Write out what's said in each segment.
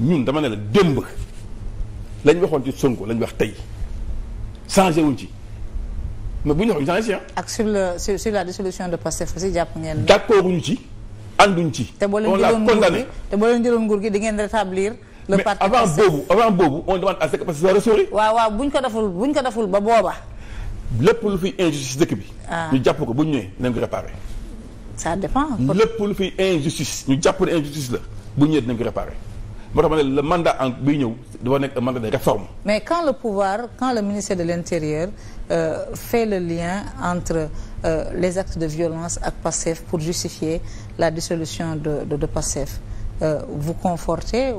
ñun dama ne la démb lañ waxoon ci Sonko lañ wax tey changé wuñ ci mais bu ñu waxoon changé ah. ak sur le sur, sur la dissolution de Pastef aussi jàpp ngeen. d'accord ñu ci ànduñ ci. on l'a condamné te boo leen jëloon nguur gi di ngeen rétablir. le parti boobu avant boobu on demande à ce que Pastef soit waaw waaw buñ ko deful buñ ko deful ba booba. lépp lu fi injustice dëkk bi. Ah. ñu jàpp ko bu ñu ñëwee nañ ko réparé. ça dépend. lépp lu fi injustice ñu jàpp ne injustice bu ñu ñëwee dinañ ko moo tax ma ne le mandat en bi ñëw dafa nekk un mandat de réforme. mais quand le pouvoir quand le ministère de l'intérieur euh, fait le lien entre euh, les actes de violence ak Pastef pour justifier la dissolution de de, de Pastef euh, vous confortez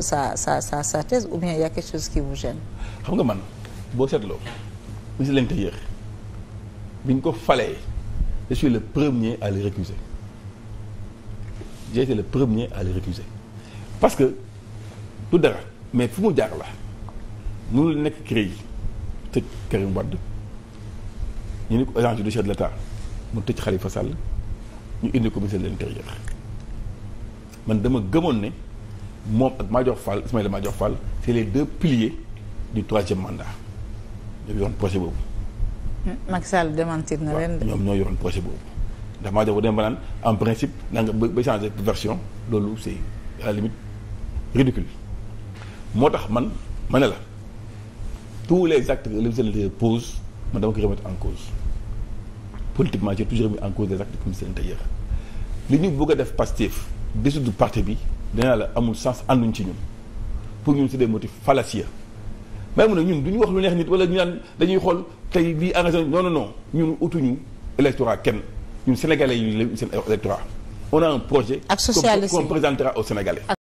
sa sa sa sa thèse ou bien il y chose qui vous gêne. xam nga man boo seetloo ministre de l'intérieur bi ñu ko falee je suis le premier à le récuser j'ai été le premier à parce que du dara mais fu mu jaar la mënul nekk crédit tëj Karim du ñu ni ko agent judiciaire de l'État mu tëj Khalifa Sall ñu indi ko ministre de l'intérieur man dama gëmoon ne moom ak Madior Fall Ismaïla Madior Fall c'est les deux piliers du troisième mandat ñoo yoon projet boobu. Macky Sall démentir na leen ñoom ñoo yoroon projet boobu ndax Madior bu dem ba naan en principe da ba ba changer version loolu c'est la limite ridicule. moo tax man ma ne la tous les actes que le ministère de l'Intérieur pose man dama koy remettre en cause politiquement j'ai toujours remis en cause des actes du ministère de l'Intérieur li ñu bëgg a def Pastef dissoudre parti bi danaa la amul sens ànduñ ci ñun pour ñun c'est des motifs fallacieux mais mu ne ñun du ñu wax lu neex nit wala ñu naan dañuy xool tey lii engagé non non non ñun utuñu électorat kenn ñun sénégalais yi seen électorat on a un projet qu'on présentera aux Sénégalais